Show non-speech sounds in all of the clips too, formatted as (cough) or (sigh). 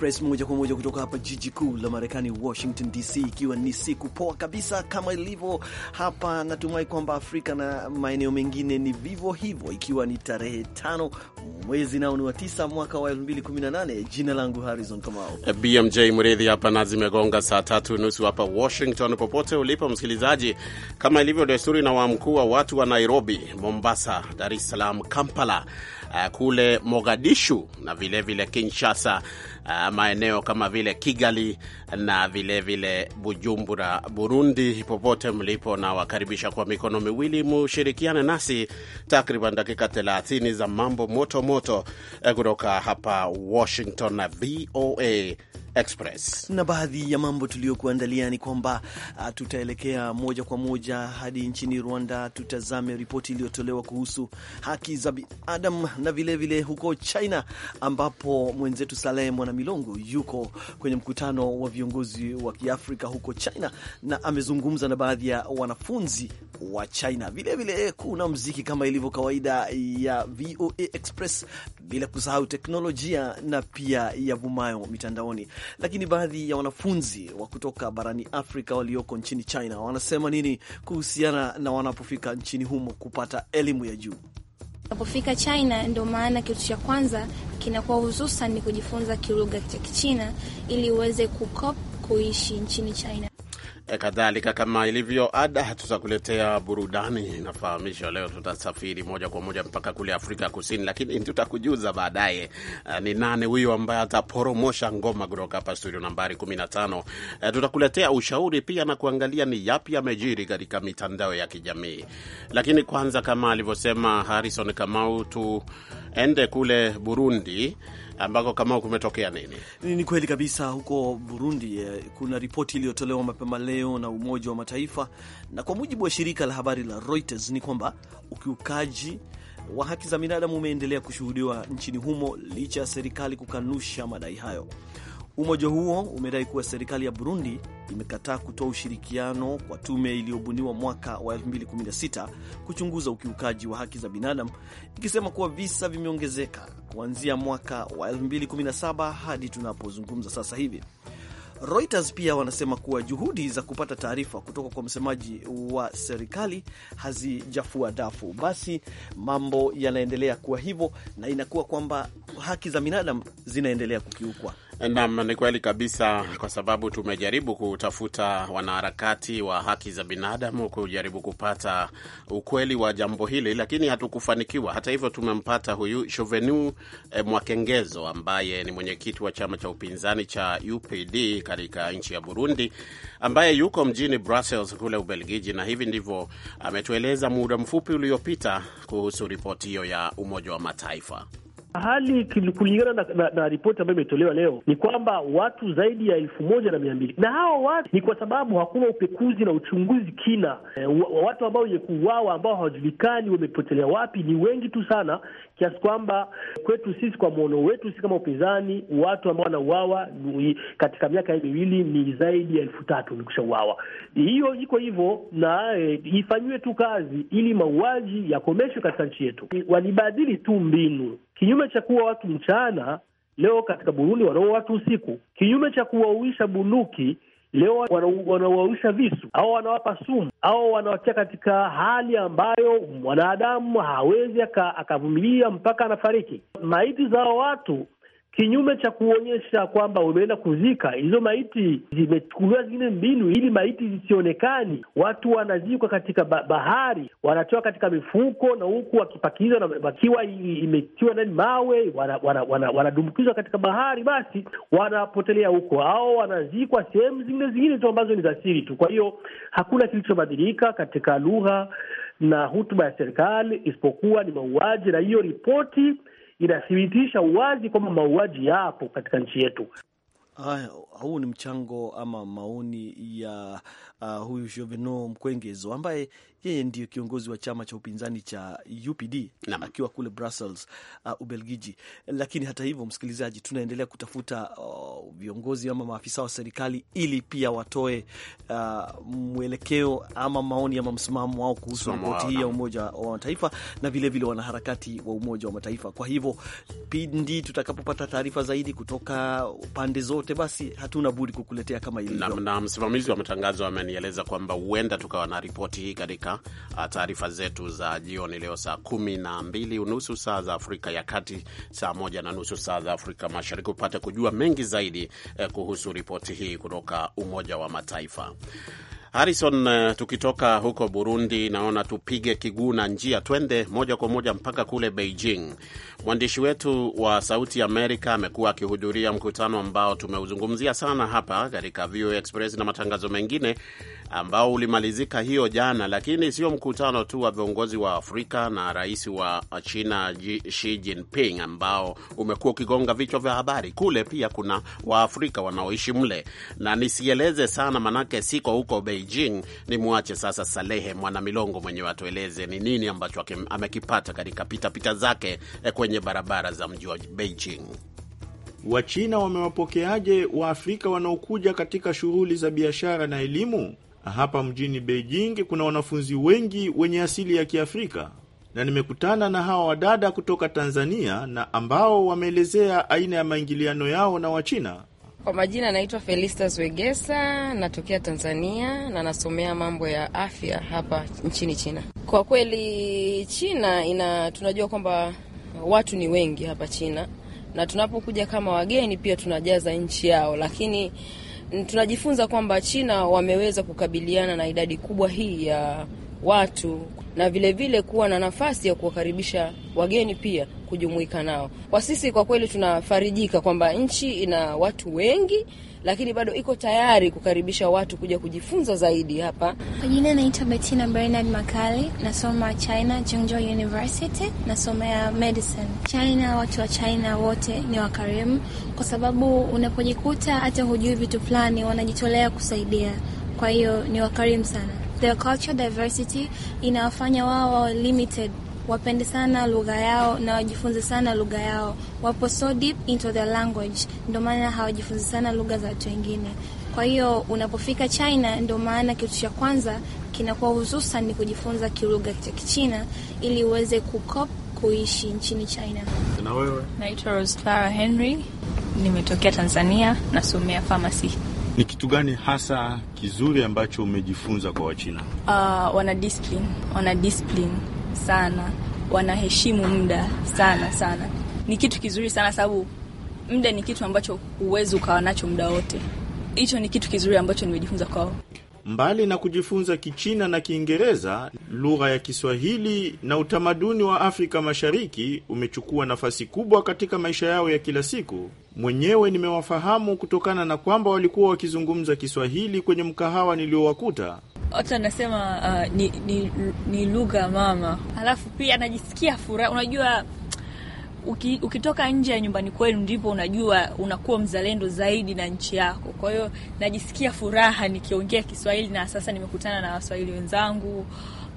Express moja kwa moja kutoka hapa jiji kuu la Marekani, Washington DC, ikiwa ni siku poa kabisa kama ilivyo hapa. Natumai kwamba Afrika na maeneo mengine ni vivyo hivyo, ikiwa ni tarehe tano mwezi nao ni wa tisa mwaka wa 2018. Jina langu Harrison Kamau, eh, BMJ Mridhi hapa na zimegonga saa tatu nusu hapa Washington. Popote ulipo msikilizaji, kama ilivyo desturi na wamkuu wa watu wa Nairobi, Mombasa, Dar es Salaam, Kampala, eh, kule Mogadishu na vilevile vile Kinshasa uh, maeneo kama vile Kigali na vilevile vile Bujumbura, Burundi. Popote mlipo, na wakaribisha kwa mikono miwili mushirikiane nasi takriban dakika 30 za mambo moto moto eh, kutoka hapa Washington na VOA Express. Na baadhi ya mambo tuliyokuandalia ni kwamba ah, tutaelekea moja kwa moja hadi nchini Rwanda, tutazame ripoti iliyotolewa kuhusu haki za binadamu na vilevile vile huko China, ambapo mwenzetu Saleh Mwanamilongo yuko kwenye mkutano wa viongozi wa Kiafrika huko China na amezungumza na baadhi ya wanafunzi wa China. Vilevile vile kuna mziki kama ilivyo ilivyo kawaida ya VOA Express, bila kusahau teknolojia na pia yavumayo mitandaoni. Lakini baadhi ya wanafunzi wa kutoka barani Afrika walioko nchini China wanasema nini kuhusiana na wanapofika nchini humo kupata elimu ya juu? Unapofika China, ndio maana kitu cha kwanza kinakuwa hususan ni kujifunza kilugha cha Kichina ili uweze kukop kuishi nchini China. E, kadhalika kama ilivyo ada, tutakuletea burudani. nafahamisha leo tutasafiri moja kwa moja mpaka kule Afrika Kusini, lakini tutakujuza baadaye e, ni nane huyo ambaye ataporomosha ngoma kutoka hapa studio nambari 15. E, tutakuletea ushauri pia na kuangalia ni yapi yamejiri katika mitandao ya kijamii. Lakini kwanza, kama alivyosema Harrison Kamau, tuende kule Burundi ambako kama kumetokea nini? Ni kweli kabisa, huko Burundi eh, kuna ripoti iliyotolewa mapema leo na Umoja wa Mataifa, na kwa mujibu wa shirika la habari la Reuters ni kwamba ukiukaji wa haki za binadamu umeendelea kushuhudiwa nchini humo licha ya serikali kukanusha madai hayo. Umoja huo umedai kuwa serikali ya Burundi imekataa kutoa ushirikiano kwa tume iliyobuniwa mwaka wa 2016 kuchunguza ukiukaji wa haki za binadamu, ikisema kuwa visa vimeongezeka kuanzia mwaka wa 2017 hadi tunapozungumza sasa hivi. Reuters pia wanasema kuwa juhudi za kupata taarifa kutoka kwa msemaji wa serikali hazijafua dafu. Basi mambo yanaendelea kuwa hivyo, na inakuwa kwamba haki za binadamu zinaendelea kukiukwa. Naam, ni kweli kabisa, kwa sababu tumejaribu kutafuta wanaharakati wa haki za binadamu kujaribu kupata ukweli wa jambo hili, lakini hatukufanikiwa. Hata hivyo, tumempata huyu Shovenu eh, Mwakengezo ambaye ni mwenyekiti wa chama cha upinzani cha UPD katika nchi ya Burundi, ambaye yuko mjini Brussels kule Ubelgiji, na hivi ndivyo ametueleza muda mfupi uliopita kuhusu ripoti hiyo ya Umoja wa Mataifa. Hali kulingana na, na, na ripoti ambayo imetolewa leo ni kwamba watu zaidi ya elfu moja na mia mbili na hao watu ni kwa sababu hakuna upekuzi na uchunguzi kina. E, watu ambao wenye kuuawa ambao hawajulikani wamepotelea wapi ni wengi tu sana, kiasi kwamba kwetu sisi, kwa mwono wetu sisi kama upinzani, watu ambao wanauawa katika miaka hii miwili ni zaidi ya elfu tatu nikusha uawa. Hiyo iko hivyo na e, ifanyiwe tu kazi ili mauaji yakomeshwe katika nchi yetu. Walibadili tu mbinu kinyume cha kuwa watu mchana, leo katika Burundi wanaua watu usiku. Kinyume cha kuwauisha bunduki, leo wanauawisha visu au wanawapa sumu au wanawatia katika hali ambayo mwanadamu hawezi akavumilia mpaka anafariki. Maiti za watu kinyume cha kuonyesha kwamba umeenda kuzika hizo maiti. Zimechukuliwa zingine mbinu ili maiti zisionekani. Watu wanazikwa katika bahari, wanatoa katika mifuko na huku wakipakizwa, wakiwa imetiwa ndani mawe, wanadumbukizwa wana, wana, wana katika bahari, basi wanapotelea huko au wanazikwa sehemu zingine zingine tu ambazo ni za siri tu. Kwa hiyo hakuna kilichobadilika katika lugha na hutuba ya serikali isipokuwa ni mauaji, na hiyo ripoti inathibitisha wazi kwamba mauaji yapo katika nchi yetu. Haya, huu ni mchango ama maoni ya uh, huyu Jovino Mkwengezo ambaye yeye ndiyo kiongozi wa chama cha upinzani cha UPD Nama. akiwa kule Brussels, uh, Ubelgiji. Lakini hata hivyo, msikilizaji, tunaendelea kutafuta uh, viongozi ama maafisa wa serikali ili pia watoe uh, mwelekeo ama maoni ama msimamo wao kuhusu ripoti hii ya Umoja wa Mataifa na vilevile wanaharakati wa Umoja wa Mataifa. Kwa hivyo pindi tutakapopata taarifa zaidi kutoka pande zote, basi hatuna budi kukuletea kama ilivyo. Na msimamizi wa matangazo amenieleza kwamba huenda tukawa na ripoti hii katika katika ah, taarifa zetu za jioni leo saa kumi na mbili unusu saa za Afrika ya Kati, saa moja na nusu saa za Afrika Mashariki, upate kujua mengi zaidi eh, kuhusu ripoti hii kutoka Umoja wa Mataifa. Harrison, eh, tukitoka huko Burundi, naona tupige kiguu na njia twende moja kwa moja mpaka kule Beijing. Mwandishi wetu wa Sauti ya Amerika amekuwa akihudhuria mkutano ambao tumeuzungumzia sana hapa katika VOA Express na matangazo mengine ambao ulimalizika hiyo jana, lakini sio mkutano tu wa viongozi wa Afrika na rais wa China Xi Jinping ambao umekuwa ukigonga vichwa vya habari. Kule pia kuna Waafrika wanaoishi mle, na nisieleze sana manake siko huko Beijing. Nimwache sasa Salehe Mwanamilongo mwenyewe atueleze ni nini ambacho amekipata katika pitapita zake eh, kwenye kwenye barabara za mji wa Beijing. Wachina wamewapokeaje Waafrika wanaokuja katika shughuli za biashara na elimu? Hapa mjini Beijing kuna wanafunzi wengi wenye asili ya Kiafrika na nimekutana na hawa wadada kutoka Tanzania na ambao wameelezea aina ya maingiliano yao na Wachina. Kwa majina anaitwa Felista Zwegesa, natokea Tanzania na nasomea mambo ya afya hapa nchini China. Kwa kweli China ina tunajua kwamba watu ni wengi hapa China, na tunapokuja kama wageni pia tunajaza nchi yao, lakini tunajifunza kwamba China wameweza kukabiliana na idadi kubwa hii ya watu na vilevile vile kuwa na nafasi ya kuwakaribisha wageni pia kujumuika nao. Kwa sisi kwa kweli tunafarijika kwamba nchi ina watu wengi lakini bado iko tayari kukaribisha watu kuja kujifunza zaidi hapa. Kwa jina naitwa Betina Bernard Makali, nasoma China Zhengzhou University, nasomea medicine. China, watu wa China wote ni wakarimu, kwa sababu unapojikuta hata hujui vitu fulani, wanajitolea kusaidia, kwa hiyo ni wakarimu sana. The culture diversity inawafanya wao limited wapende sana lugha yao na wajifunze sana lugha yao. Wapo so deep into their language, ndio maana hawajifunzi sana lugha za watu wengine. Kwa hiyo unapofika China, ndio maana kitu cha kwanza kinakuwa hususan ni kujifunza kilugha cha Kichina ili uweze kukop kuishi nchini China. Na wewe? Naitwa Rose Clara Henry, nimetokea Tanzania, nasomea pharmacy. Ni kitu gani hasa kizuri ambacho umejifunza kwa Wachina? Uh, wana discipline, wana discipline sana, wanaheshimu muda sana sana. Ni kitu kizuri sana sababu muda ni kitu ambacho huwezi ukawa nacho muda wote. Hicho ni kitu kizuri ambacho nimejifunza kwao. Mbali na kujifunza Kichina na Kiingereza, lugha ya Kiswahili na utamaduni wa Afrika Mashariki umechukua nafasi kubwa katika maisha yao ya kila siku. Mwenyewe nimewafahamu kutokana na kwamba walikuwa wakizungumza Kiswahili kwenye mkahawa niliowakuta. Watu wanasema uh, ni, ni, ni lugha mama, alafu pia anajisikia furaha. Unajua uki, ukitoka nje ya nyumbani kwenu ndipo unajua unakuwa mzalendo zaidi na nchi yako. Kwa hiyo najisikia furaha nikiongea Kiswahili na sasa nimekutana na Waswahili wenzangu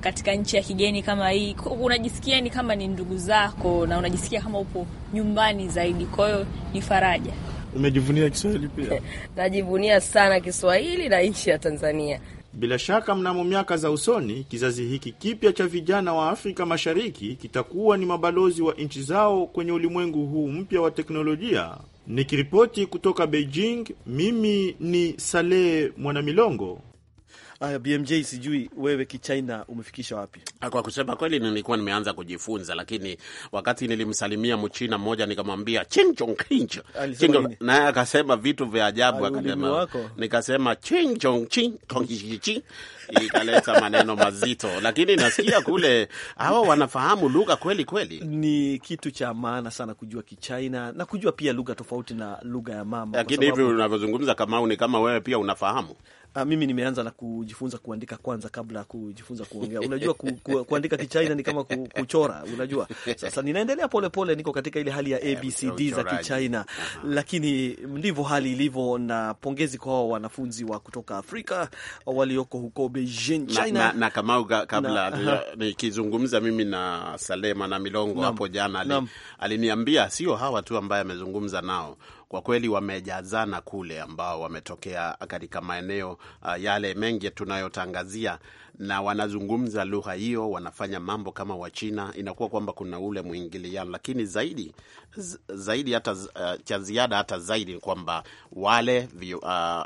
katika nchi ya kigeni kama hii, unajisikia ni kama ni ndugu zako na unajisikia kama upo nyumbani zaidi. Kwa hiyo ni faraja. Umejivunia Kiswahili pia? (laughs) Najivunia sana Kiswahili na nchi ya Tanzania. Bila shaka mnamo miaka za usoni kizazi hiki kipya cha vijana wa Afrika Mashariki kitakuwa ni mabalozi wa nchi zao kwenye ulimwengu huu mpya wa teknolojia. Nikiripoti kutoka Beijing, mimi ni Saleh Mwanamilongo. Aya, BMJ, sijui wewe kichina umefikisha wapi? Ah, kwa kusema kweli, nilikuwa nimeanza kujifunza, lakini wakati nilimsalimia mchina mmoja nikamwambia chinchong kinch, naye akasema vitu vya ajabu, akasema nikasema chinchong ching ikaleta maneno mazito, lakini nasikia kule hawa wanafahamu lugha kweli kweli. Ni kitu cha maana sana kujua kichina na kujua pia lugha tofauti na lugha ya mama, lakini hivi unavyozungumza, Kamau, ni kama wewe pia unafahamu Ah, mimi nimeanza na kujifunza kuandika kwanza kabla ya kujifunza kuongea. Unajua ku, ku, kuandika kichaina ni kama ku, kuchora, unajua. Sasa ninaendelea polepole, niko katika ile hali ya eh, ABCD za Kichina, lakini ndivyo hali ilivyo, na pongezi kwa wanafunzi wa kutoka Afrika walioko huko Beijing China. Na, na, na Kamau, kabla nikizungumza mimi na Salema na Milongo hapo jana, aliniambia ali sio hawa tu ambaye amezungumza nao kwa kweli wamejazana kule, ambao wametokea katika maeneo uh, yale mengi tunayotangazia na wanazungumza lugha hiyo, wanafanya mambo kama Wachina, inakuwa kwamba kuna ule mwingiliano, lakini zaidi zaidi hata uh, cha ziada hata zaidi ni kwamba wale uh,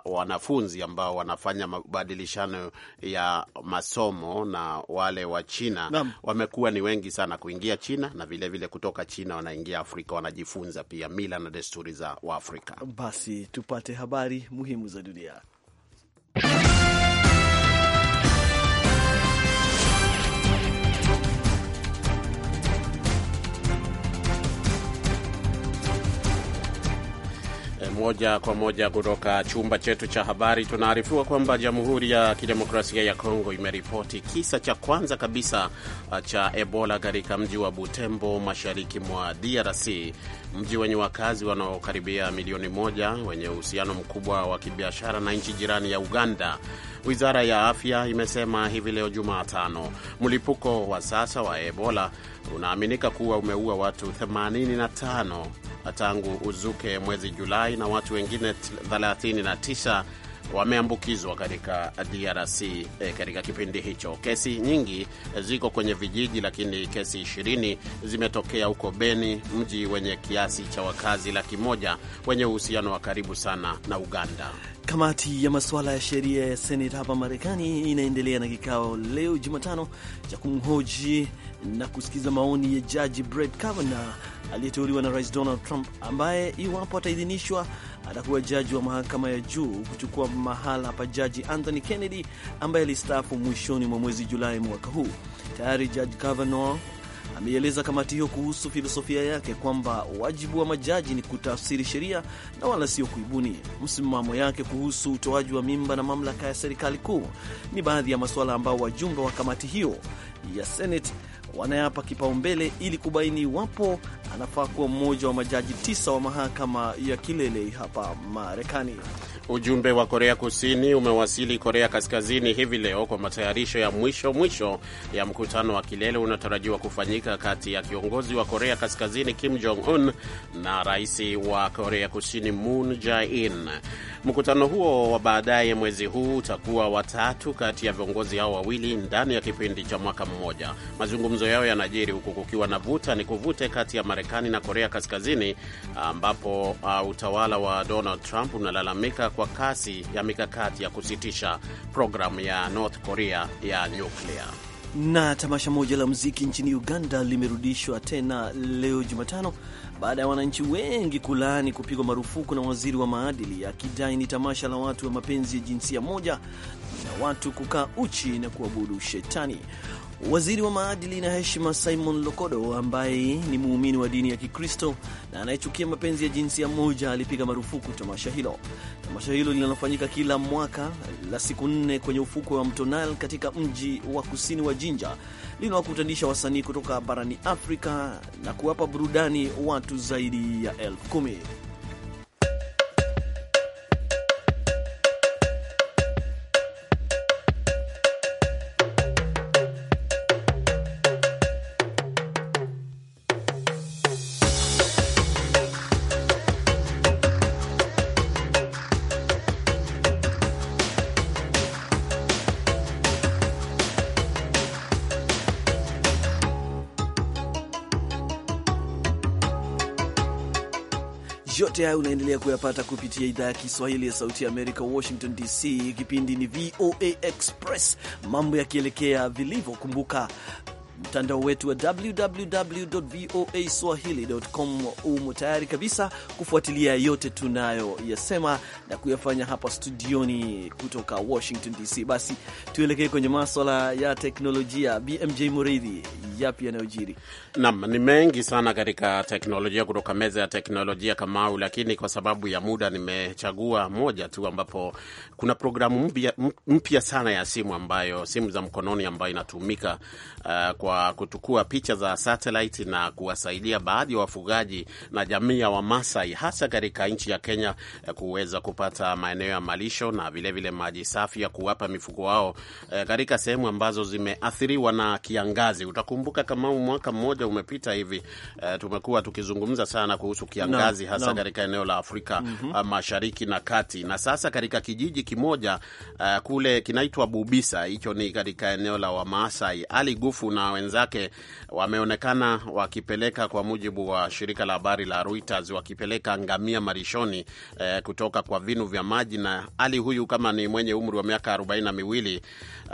wanafunzi ambao wanafanya mabadilishano ya masomo na wale wa China wamekuwa ni wengi sana kuingia China na vilevile vile kutoka China wanaingia Afrika, wanajifunza pia mila na desturi za Waafrika. Basi tupate habari muhimu za dunia. moja kwa moja kutoka chumba chetu cha habari, tunaarifiwa kwamba Jamhuri ya Kidemokrasia ya Kongo imeripoti kisa cha kwanza kabisa uh, cha Ebola katika mji wa Butembo, mashariki mwa DRC, mji wenye wakazi wanaokaribia milioni moja, wenye uhusiano mkubwa wa kibiashara na nchi jirani ya Uganda. Wizara ya afya imesema hivi leo Jumatano, mlipuko wa sasa wa Ebola unaaminika kuwa umeua watu 85 tangu uzuke mwezi Julai, na watu wengine 39 wameambukizwa katika DRC e, eh, katika kipindi hicho. Kesi nyingi ziko kwenye vijiji, lakini kesi 20 zimetokea huko Beni, mji wenye kiasi cha wakazi laki moja wenye uhusiano wa karibu sana na Uganda. Kamati ya masuala ya sheria ya Seneti hapa Marekani inaendelea na kikao leo Jumatano cha kumhoji na kusikiza maoni ya jaji Brett Kavanaugh aliyeteuliwa na Rais Donald Trump, ambaye iwapo ataidhinishwa, atakuwa jaji wa mahakama ya juu kuchukua mahala pa jaji Anthony Kennedy ambaye alistaafu mwishoni mwa mwezi Julai mwaka huu. Tayari jaji Kavanaugh ameieleza kamati hiyo kuhusu filosofia yake kwamba wajibu wa majaji ni kutafsiri sheria na wala sio kuibuni. Msimamo yake kuhusu utoaji wa mimba na mamlaka ya serikali kuu ni baadhi ya masuala ambayo wajumbe wa kamati hiyo ya Senate wanayapa kipaumbele ili kubaini iwapo anafaa kuwa mmoja wa majaji tisa wa mahakama ya kilele hapa Marekani. Ujumbe wa Korea Kusini umewasili Korea Kaskazini hivi leo kwa matayarisho ya mwisho mwisho ya mkutano wa kilele unatarajiwa kufanyika kati ya kiongozi wa Korea Kaskazini Kim Jong Un na rais wa Korea Kusini Moon Jae-in. Mkutano huo wa baadaye mwezi huu utakuwa watatu kati ya viongozi hao wawili ndani ya kipindi cha mwaka mmoja. Mazungumzo yao yanajiri huku kukiwa na vuta ni kuvute kati ya Marekani na Korea Kaskazini, ambapo uh, utawala wa Donald Trump unalalamika kwa kasi ya mikakati ya kusitisha programu ya North Korea ya nyuklia. Na tamasha moja la muziki nchini Uganda limerudishwa tena leo Jumatano baada ya wananchi wengi kulaani kupigwa marufuku na waziri wa maadili akidai ni tamasha la watu wa mapenzi ya jinsia moja na watu kukaa uchi na kuabudu shetani. Waziri wa maadili na heshima Simon Lokodo, ambaye ni muumini wa dini ya Kikristo na anayechukia mapenzi ya jinsia moja, alipiga marufuku tamasha hilo. Tamasha hilo linalofanyika kila mwaka la siku nne kwenye ufukwe wa mto Nile katika mji wa kusini wa Jinja linawakutanisha wasanii kutoka barani Afrika na kuwapa burudani watu zaidi ya elfu kumi. yote hayo unaendelea kuyapata kupitia idhaa ya Kiswahili ya Sauti ya Amerika, Washington DC. Kipindi ni VOA Express, mambo yakielekea vilivyo. Kumbuka mtandao wetu wa www voa swahili.com. Umo tayari kabisa kufuatilia yote tunayo yasema na kuyafanya hapa studioni kutoka Washington DC. Basi tuelekee kwenye maswala ya teknolojia. BMJ Muridhi, yapi yanayojiri? Naam, ni mengi sana katika teknolojia kutoka meza ya teknolojia Kamau, lakini kwa sababu ya muda nimechagua moja tu, ambapo kuna programu mpya sana ya simu ambayo simu za mkononi ambayo inatumika uh, kwa kuchukua picha za satellite na kuwasaidia baadhi ya wafugaji na jamii ya Wamasai hasa katika nchi ya Kenya eh, kuweza kupata maeneo ya malisho na vilevile maji safi ya kuwapa mifugo wao e, katika sehemu ambazo zimeathiriwa na kiangazi. Utakumbuka kama mwaka mmoja umepita hivi e, tumekuwa tukizungumza sana kuhusu kiangazi no, hasa katika no. eneo la Afrika mm -hmm. Mashariki na Kati, na sasa katika kijiji kimoja uh, kule kinaitwa Bubisa, hicho ni katika eneo la Wamasai, Ali Gufu na wenzake wameonekana wakipeleka, kwa mujibu wa shirika la habari la Reuters, wakipeleka ngamia marishoni eh, kutoka kwa vinu vya maji. Na Ali huyu kama ni mwenye umri wa miaka arobaini na miwili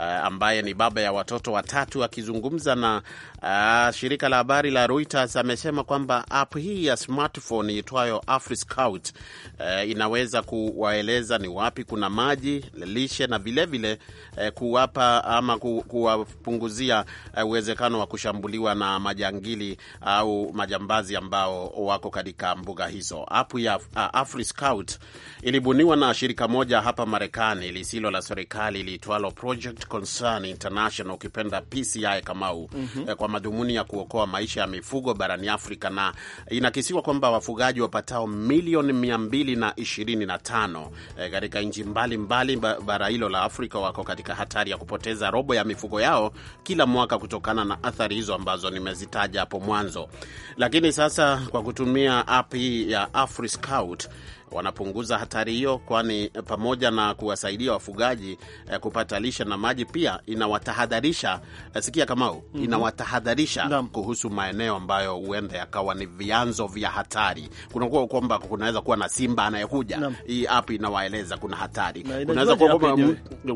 eh, ambaye ni baba ya watoto watatu, akizungumza na eh, shirika la habari la Reuters amesema kwamba app hii ya smartphone iitwayo AfriScout eh, inaweza kuwaeleza ni wapi kuna maji, lishe na vilevile vile, eh, kuwapa ama ku, kuwapunguzia eh, uwezekano wa kushambuliwa na majangili au majambazi ambao wako katika mbuga hizo. Apu ya uh, Afri Scout ilibuniwa na shirika moja hapa Marekani lisilo la serikali liitwalo Project Concern International, ukipenda PCI Kamau, mm -hmm. kwa madhumuni ya kuokoa maisha ya mifugo barani Afrika, na inakisiwa kwamba wafugaji wapatao milioni 225 eh, katika nchi mbalimbali bara hilo la Afrika wako katika hatari ya kupoteza robo ya mifugo yao kila mwaka kutokana kutokana na athari hizo ambazo nimezitaja hapo mwanzo. Lakini sasa kwa kutumia app ya AfriScout wanapunguza hatari hiyo, kwani pamoja na kuwasaidia wafugaji eh, kupata lishe na maji, pia inawatahadharisha eh, sikia Kamau, mm -hmm. inawatahadharisha kuhusu maeneo ambayo huenda yakawa ni vyanzo vya hatari. Kunakuwa kwamba kunaweza kuwa na simba anayekuja, hii app inawaeleza kuna hatari. Kunaweza kuwa kwamba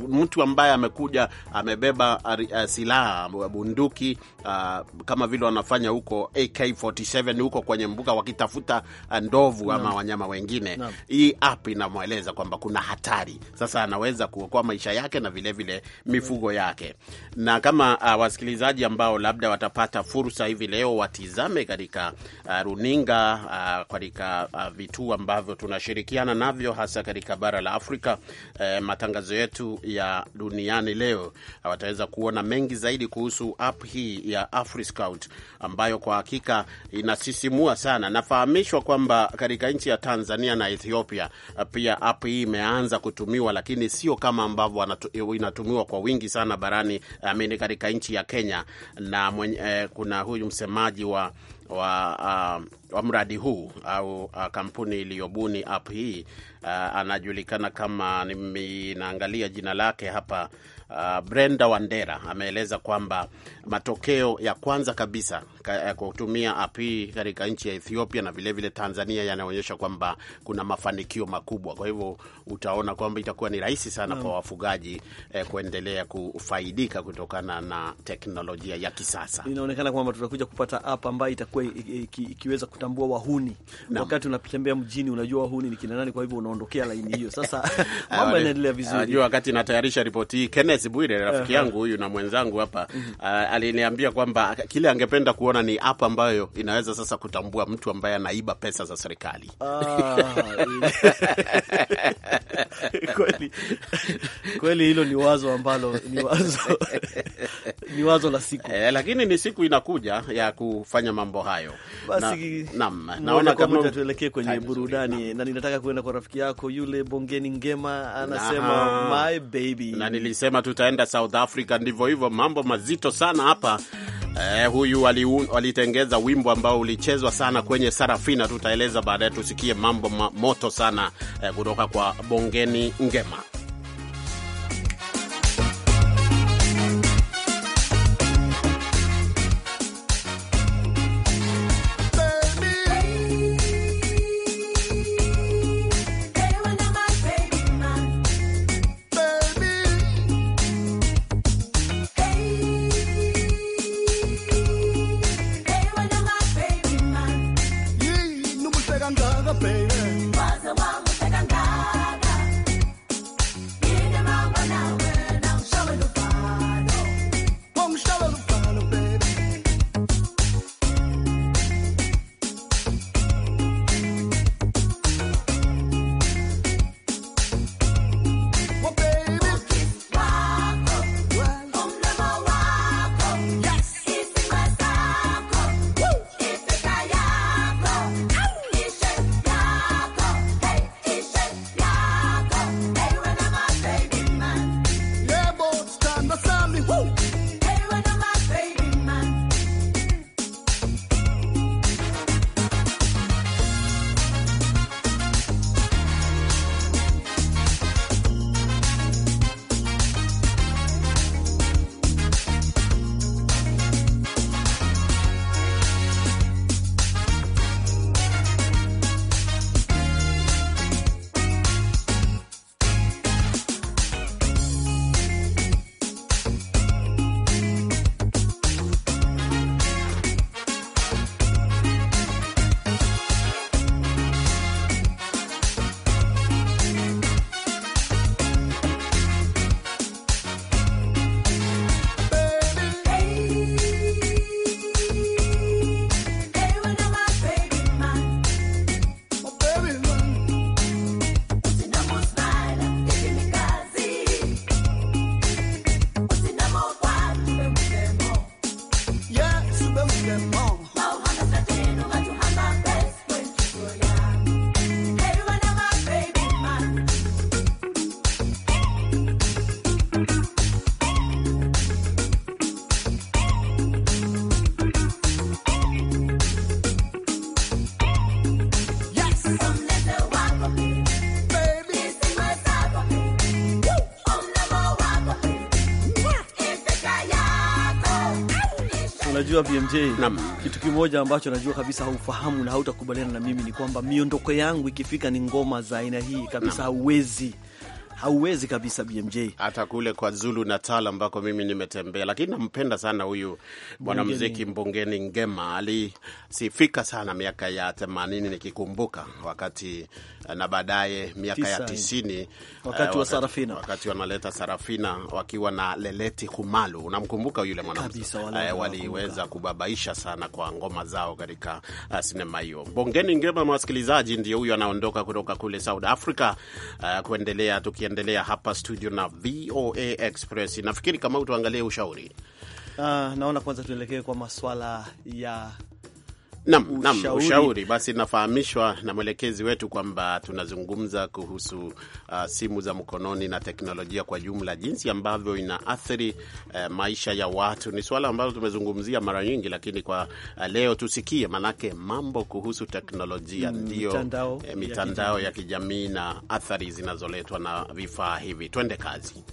mtu ambaye amekuja amebeba uh, silaha ah, bunduki, uh, kama vile wanafanya huko AK47 huko kwenye mbuga wakitafuta ndovu ama wanyama wengine Dam hii app inamweleza kwamba kuna hatari sasa, anaweza kuokoa maisha yake na vilevile vile mifugo yake. Na kama uh, wasikilizaji ambao labda watapata fursa hivi leo watizame katika uh, runinga uh, katika uh, vituo ambavyo tunashirikiana navyo hasa katika bara la Afrika uh, matangazo yetu ya duniani leo uh, wataweza kuona mengi zaidi kuhusu app hii ya AfriScout ambayo kwa hakika inasisimua sana. Nafahamishwa kwamba katika nchi ya Tanzania na Ethiopia. Eh, pia app hii imeanza kutumiwa, lakini sio kama ambavyo eh, inatumiwa kwa wingi sana barani amini katika nchi ya Kenya na mwenye, eh, kuna huyu msemaji wa wa, uh, wa mradi huu au uh, kampuni iliyobuni app hii uh, anajulikana kama, ninaangalia jina lake hapa uh, Brenda Wandera ameeleza kwamba matokeo ya kwanza kabisa katika eh, kutumia api katika nchi ya Ethiopia na vilevile vile Tanzania yanaonyesha kwamba kuna mafanikio makubwa. Kwa hivyo utaona kwamba itakuwa ni rahisi sana mm, kwa wafugaji eh, kuendelea kufaidika kutokana na teknolojia ya kisasa. Inaonekana kwamba tutakuja kupata app ambayo itakuwa ikiweza kutambua wahuni na, wakati unatembea mjini unajua wahuni ni kina nani, kwa hivyo unaondokea laini hiyo. Sasa (laughs) (laughs) mambo yanaendelea vizuri. Unajua, eh, wakati natayarisha ripoti hii Kenneth Bwire rafiki yangu huyu na mwenzangu hapa uh, aliniambia kwamba kile angependa kuona unaona ni app ambayo inaweza sasa kutambua mtu ambaye anaiba pesa za serikali. Ah, (laughs) kweli kweli, hilo ni wazo ambalo ni wazo, (laughs) ni wazo la siku eh, lakini ni siku inakuja ya kufanya mambo hayo. Basi naam, naona kama tuelekee kwenye burudani, na ninataka kuenda kwa rafiki yako yule Bongeni Ngema anasema na, my baby, na nilisema tutaenda South Africa, ndivyo hivyo, mambo mazito sana hapa Eh, huyu alitengeza wali wimbo ambao ulichezwa sana kwenye Sarafina. Tutaeleza baadaye, tusikie mambo ma, moto sana eh, kutoka eh, kwa Bongeni Ngema. BMJ, kitu kimoja ambacho najua kabisa haufahamu na hautakubaliana na mimi ni kwamba miondoko yangu ikifika ni ngoma za aina hii kabisa, hauwezi hauwezi kabisa BMJ, hata kule kwa Zulu Natal ambako mimi nimetembea. Lakini nampenda sana huyu mwanamuziki Mbongeni Ngema, alisifika sana miaka ya themanini nikikumbuka wakati eh, na baadaye miaka Tisa, ya tisini wakati uh, eh, wakati, wa Sarafina, wakati wanaleta Sarafina wakiwa na Leleti Humalu, Unamkumbuka yule mwanamuziki? Eh, waliweza kubabaisha sana kwa ngoma zao katika uh, sinema hiyo. Mbongeni Ngema, mwasikilizaji, ndio huyo anaondoka kutoka kule South Africa, uh, kuendelea tuki yakiendelea hapa studio na VOA Express. Nafikiri kama tuangalie ushauri. Uh, naona kwanza tuelekee kwa maswala ya Nam, nam, ushauri. Basi nafahamishwa na mwelekezi wetu kwamba tunazungumza kuhusu uh, simu za mkononi na teknolojia kwa jumla, jinsi ambavyo inaathiri uh, maisha ya watu. Ni suala ambalo tumezungumzia mara nyingi, lakini kwa uh, leo tusikie, manake mambo kuhusu teknolojia mm, ndio mitandao, eh, mitandao ya kijamii na athari zinazoletwa na vifaa hivi. Twende kazi.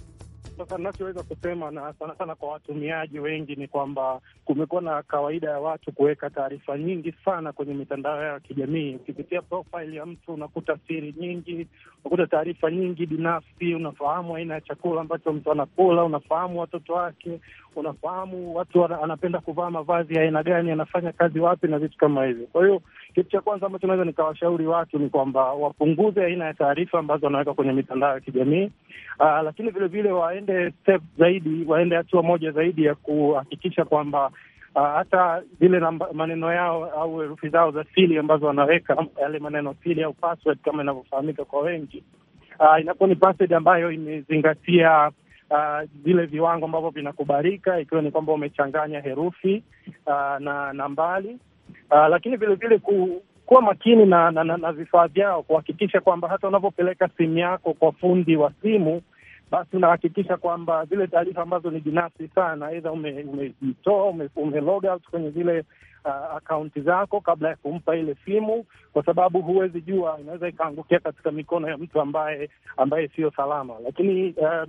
Sasa nachoweza kusema na sana sana kwa watumiaji wengi ni kwamba kumekuwa na kawaida ya watu kuweka taarifa nyingi sana kwenye mitandao yao ya kijamii. Ukipitia profile ya mtu unakuta siri nyingi, unakuta taarifa nyingi binafsi, unafahamu aina ya chakula ambacho mtu anakula, unafahamu watoto wake, unafahamu watu anapenda kuvaa mavazi ya aina gani, anafanya kazi wapi na vitu kama hivyo. Kwa hiyo kitu cha kwanza ambacho naweza nikawashauri watu ni kwamba wapunguze aina ya taarifa ambazo wanaweka kwenye mitandao ya kijamii, ah, lakini vilevile waende step zaidi, waende hatua moja zaidi ya kuhakikisha kwamba uh, hata zile maneno yao au herufi zao za siri ambazo wanaweka yale maneno siri au password kama inavyofahamika kwa wengi uh, inakuwa ni password ambayo imezingatia vile ah, uh, viwango ambavyo vinakubalika ikiwa ni kwamba umechanganya herufi uh, na nambari uh, lakini vilevile ku, kuwa makini na, na, na, na vifaa vyao kuhakikisha kwamba hata unavyopeleka simu yako kwa fundi wa simu basi unahakikisha kwamba zile taarifa ambazo ni binafsi sana, aidha umejitoa ume, ume log out kwenye zile uh, akaunti zako kabla ya kumpa ile simu, kwa sababu huwezi jua, inaweza ikaangukia katika mikono ya mtu ambaye ambaye siyo salama. Lakini uh,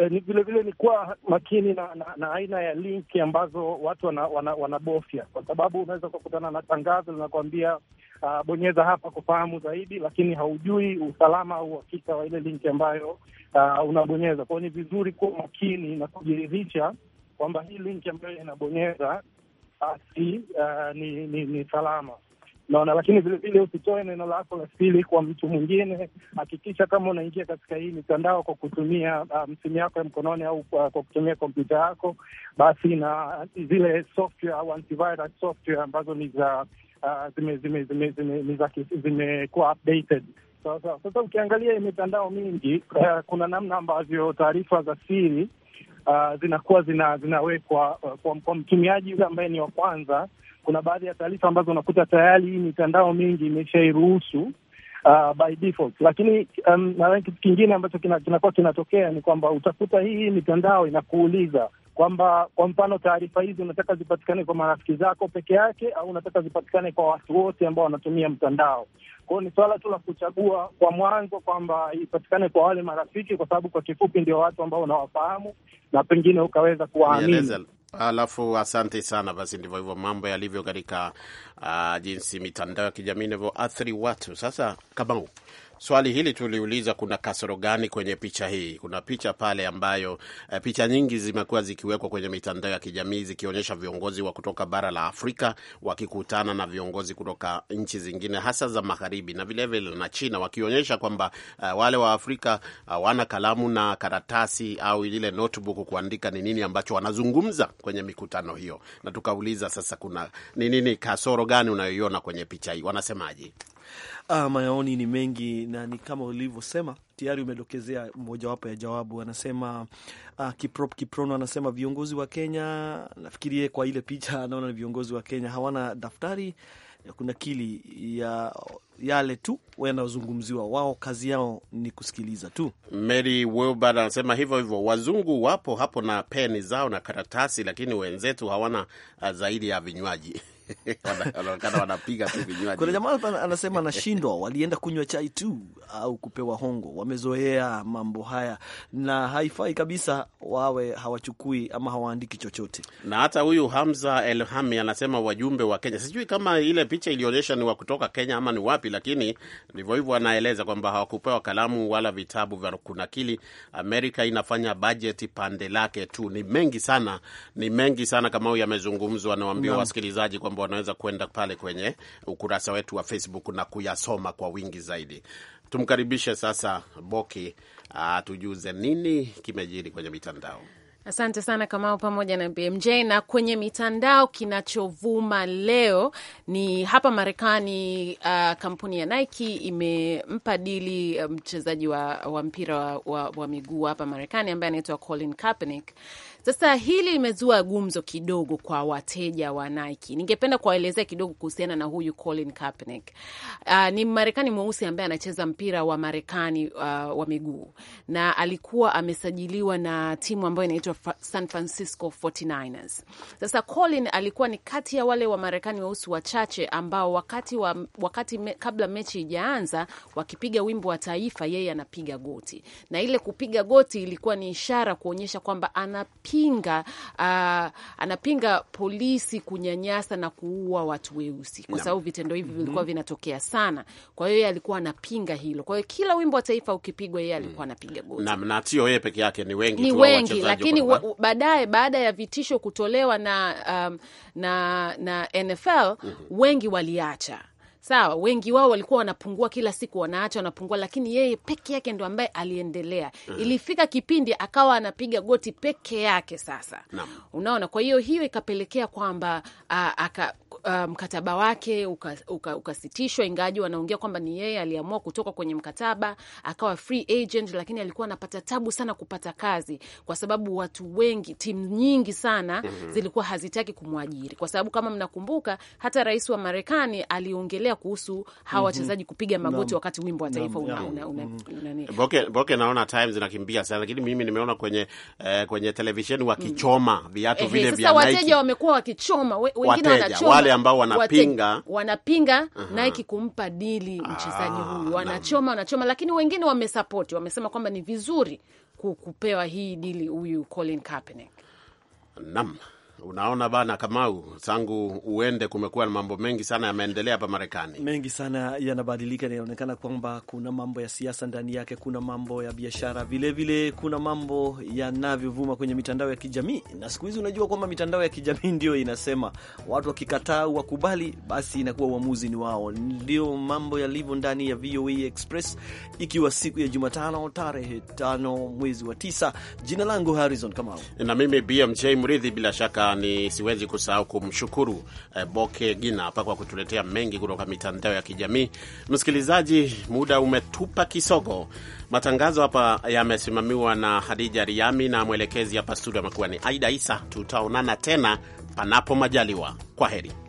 eh, ni ni kuwa makini na, na, na aina ya linki ambazo watu wanabofya wana, wana, kwa sababu unaweza ukakutana na tangazo linakuambia uh, bonyeza hapa kufahamu zaidi, lakini haujui usalama au uhakika wa ile linki ambayo uh, unabonyeza. Kwao ni vizuri kuwa makini na kujiridhisha kwamba hii linki ambayo inabonyeza basi uh, uh, ni, ni, ni salama naona lakini vilevile usitoe neno lako la siri kwa mtu mwingine. Hakikisha kama unaingia katika hii mitandao kwa kutumia um, simu yako ya mkononi au uh, kwa kutumia kompyuta yako, basi na zile software au antivirus software ambazo ni za Uh, zimekuwa updated sasa. ukiangalia mitandao mingi, uh, kuna namna ambavyo taarifa za siri Uh, zinakuwa zina, zinawekwa uh, kwa, kwa mtumiaji yule ambaye ni wa kwanza. Kuna baadhi ya taarifa ambazo unakuta tayari hii mitandao mingi imeshairuhusu uh, by default, lakini um, nadhani kitu kingine ambacho kinakuwa kina, kinatokea ni kwamba utakuta hii mitandao inakuuliza kwamba kwa mfano taarifa hizi unataka zipatikane kwa marafiki zako peke yake au unataka zipatikane kwa watu wote ambao wanatumia mtandao. Kwao ni swala tu la kuchagua kwa mwanzo kwamba ipatikane kwa wale marafiki, kwa sababu kwa kifupi ndio watu ambao unawafahamu na pengine ukaweza kuwaamini. Alafu asante sana. Basi ndivyo hivyo mambo yalivyo katika uh, jinsi mitandao ya kijamii inavyoathiri watu. Sasa Kabau, swali hili tuliuliza, kuna kasoro gani kwenye picha hii? Kuna picha pale ambayo eh, picha nyingi zimekuwa zikiwekwa kwenye mitandao ya kijamii zikionyesha viongozi wa kutoka bara la Afrika wakikutana na viongozi kutoka nchi zingine hasa za magharibi na vilevile vile na China, wakionyesha kwamba eh, wale wa Afrika hawana eh, kalamu na karatasi au ile notebook kuandika ni nini ambacho wanazungumza kwenye mikutano hiyo. Na tukauliza sasa, kuna ni nini kasoro gani unayoiona kwenye picha hii? Wanasemaje? Uh, maoni ni mengi na ni kama ulivyosema tayari umedokezea mojawapo ya jawabu. Anasema uh, Kiprop Kiprono anasema viongozi wa Kenya, nafikirie kwa ile picha (laughs) anaona ni viongozi wa Kenya hawana daftari ya kunakili ya yale tu wanaozungumziwa wao kazi yao ni kusikiliza tu. Mary Wilbard anasema hivyo hivyo, wazungu wapo hapo na peni zao na karatasi, lakini wenzetu hawana ah, zaidi ya vinywaji (laughs) (laughs) wanaonekana wanapiga tu vinywaji. Kuna jamaa anasema anashindwa, walienda kunywa chai tu au kupewa hongo, wamezoea mambo haya na haifai kabisa, wawe hawachukui ama hawaandiki chochote. Na hata huyu Hamza Elhami anasema wajumbe wa Kenya, sijui kama ile picha ilionyesha ni wa kutoka Kenya ama ni wapi, lakini ndivyo hivyo anaeleza kwamba hawakupewa kalamu wala vitabu vya kunakili. Amerika inafanya bajeti pande lake tu. Ni mengi sana, ni mengi sana kama huyu amezungumzwa, nawaambia wasikilizaji kwa kwamba wanaweza kuenda pale kwenye ukurasa wetu wa Facebook na kuyasoma kwa wingi zaidi. Tumkaribishe sasa Boki atujuze nini kimejiri kwenye mitandao. Asante sana Kamao pamoja na BMJ. Na kwenye mitandao, kinachovuma leo ni hapa Marekani. Uh, kampuni ya Nike imempa dili uh, mchezaji um, wa, wa mpira wa, wa, wa miguu hapa Marekani ambaye anaitwa Colin Kaepernick sasa hili limezua gumzo kidogo kwa wateja wa Nike. Ningependa kuwaelezea kidogo kuhusiana na huyu Colin Kaepernick. Uh, ni Marekani mweusi ambaye anacheza mpira wa Marekani uh, wa miguu na alikuwa amesajiliwa na timu ambayo inaitwa San Francisco 49ers. Sasa Colin alikuwa ni kati ya wale wa Marekani weusi wachache ambao wakati, wa, wakati me, kabla mechi ijaanza wakipiga wimbo wa taifa, yeye anapiga goti na ile kupiga goti ilikuwa ni ishara kuonyesha kwamba anap anapinga uh, ah, anapinga polisi kunyanyasa na kuua watu weusi kwa sababu vitendo hivi vilikuwa mm -hmm. vinatokea sana. Kwa hiyo yeye alikuwa anapinga hilo. Kwa hiyo kila wimbo wa taifa ukipigwa, yeye alikuwa mm. anapiga goti na, na sio yeye peke yake, ni wengi, ni wengi lakini baadaye, baada ya vitisho kutolewa na um, na, na NFL mm -hmm. wengi waliacha sawa, wengi wao walikuwa wanapungua kila siku, wanaacha wanapungua, lakini yeye peke yake ndo ambaye aliendelea. mm. Ilifika kipindi akawa anapiga goti peke yake. Sasa unaona, kwa hiyo hiyo ikapelekea kwamba aka Uh, mkataba um, wake ukasitishwa uka, uka ingaji wanaongea kwamba ni yeye aliamua kutoka kwenye mkataba akawa free agent, lakini alikuwa anapata tabu sana kupata kazi kwa sababu watu wengi, timu nyingi sana mm -hmm. zilikuwa hazitaki kumwajiri kwa sababu kama mnakumbuka, hata rais wa Marekani aliongelea kuhusu hawa mhm. wachezaji mm -hmm. kupiga magoti no. wakati wimbo wa taifa no. Yaani, una, una, mhm. una, mm -hmm. Boke, Boke, naona time zinakimbia sana, lakini mimi nimeona kwenye eh, kwenye televisheni wakichoma mm -hmm. viatu vile vya Nike. Wateja wamekuwa wakichoma, wengine wanachoma ambao wanapinga wanapinga uh -huh. Nike kumpa dili mchezaji ah, huyu wanachoma wanachoma, lakini wengine wamesapoti, wamesema kwamba ni vizuri kupewa hii dili huyu Colin Kaepernick. Naam. Unaona bana Kamau, tangu uende kumekuwa na mambo mengi sana yameendelea hapa Marekani, mengi sana yanabadilika. Inaonekana kwamba kuna mambo ya siasa ndani yake, kuna mambo ya biashara vilevile, kuna mambo yanavyovuma kwenye mitandao ya kijamii. Na siku hizi unajua kwamba mitandao ya kijamii (laughs) ndio inasema, watu wakikataa wakubali, basi inakuwa uamuzi ni wao. Ndio mambo yalivyo ndani ya VOA Express, ikiwa siku ya Jumatano tarehe tano mwezi wa tisa. Jina langu Harrison Kamau na mimi BMJ Mridhi, bila shaka ni siwezi kusahau kumshukuru eh, Boke Gina hapa kwa kutuletea mengi kutoka mitandao ya kijamii. Msikilizaji, muda umetupa kisogo. Matangazo hapa yamesimamiwa na Hadija Riami na mwelekezi hapa studio amekuwa ni Aida Isa. Tutaonana tena panapo majaliwa. Kwa heri.